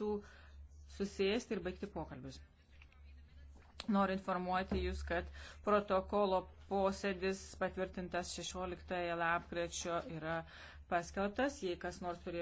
visų susėsti ir baigti pokalbius. Noriu informuoti Jūs, kad protokolo posėdis patvirtintas 16 lapkričio yra paskelbtas. Jei kas nors turėjo